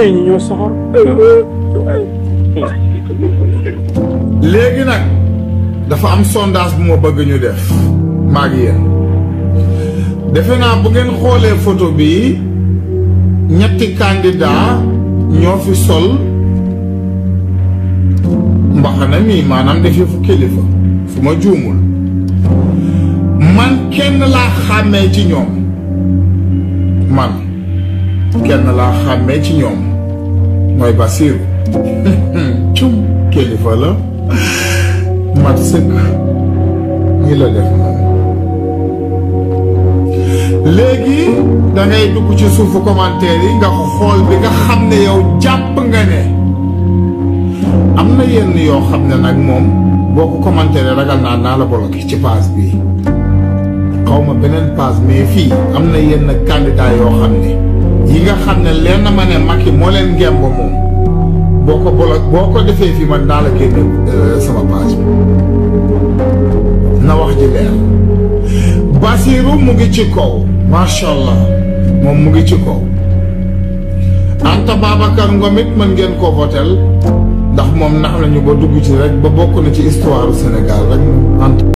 tey léegi nag dafa am sondage bu ma bëgg ñu def maa ngi defe naa bu ngeen xoolee photo bi ñetti candidat ñoo fi sol mbaxana mi maanaam def fu kilifa su ma juumul man kenn laa xàmmee ci ñoom man kenn laa xàmmee ci ñoom mooy Basiru cum kilifa la mat sëkk ñi la def moom léegi da ngay ci suufu commentaire yi nga xool bi nga xam ne yow jàpp nga ne am na yenn yoo xam ne nag moom boo ko commentaire ragal naa naa la bloqué ci page bi xaw ma beneen page mais fii am na yenn candidat yoo xam ne yi nga xam ne leen na ma ne yi moo leen ngemb moom boo ko bolo boo ko defee fii man daal la génne euh, sama page bi na wax ji leer Basirou mu ngi ci kaw macha allah moom mu ngi ci kaw Anta Babacar Ngom it mën ngeen ko votel ndax moom nax nañu ba dugg ci rek ba bokk na ci histoire Sénégal rek Anta